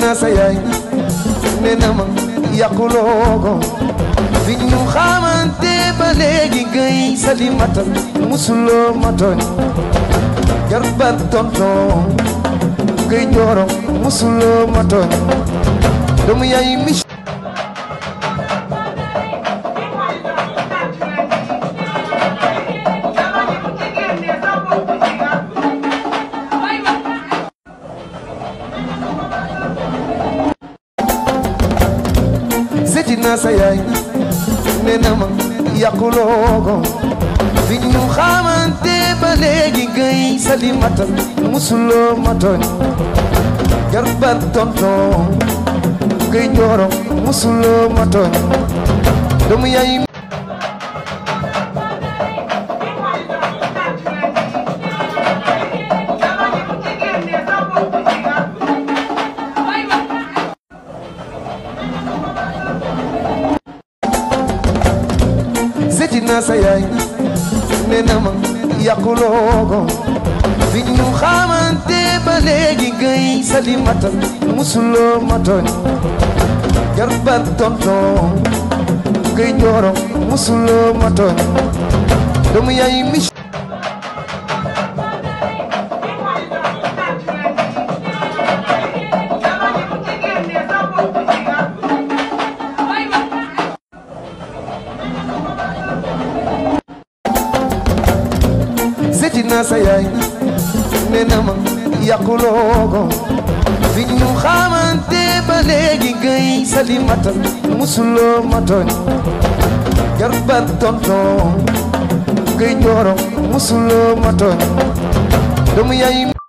naa sa yaay nee na ma yàquloo bi ñu xamante ba léegi ngay salimata musuloo ma tooñ jarbat tonton ngay jooro musuloo ma tooñ doomu yaay mi naa sa yaay ma yàquloo ko bi ñu xamante ba léegi ngay sali musuloo ma tooñ jarbar tonton ngay njooro musuloo ma tooñ doomu yaay na nee na ma yàquloo ko bi ñu xamante ba léegi ngay salimata musuloo ma tooñ jarbat tonton ngay jooro musuloo ma tooñ doomu yaay mi naa sa yaay nee ma yàquloo ko fi ñu xamante ba léegi ngay salimata musuloo ma tooñ jarbat tonton ngay jooro musuloo ma tooñ doomu yaay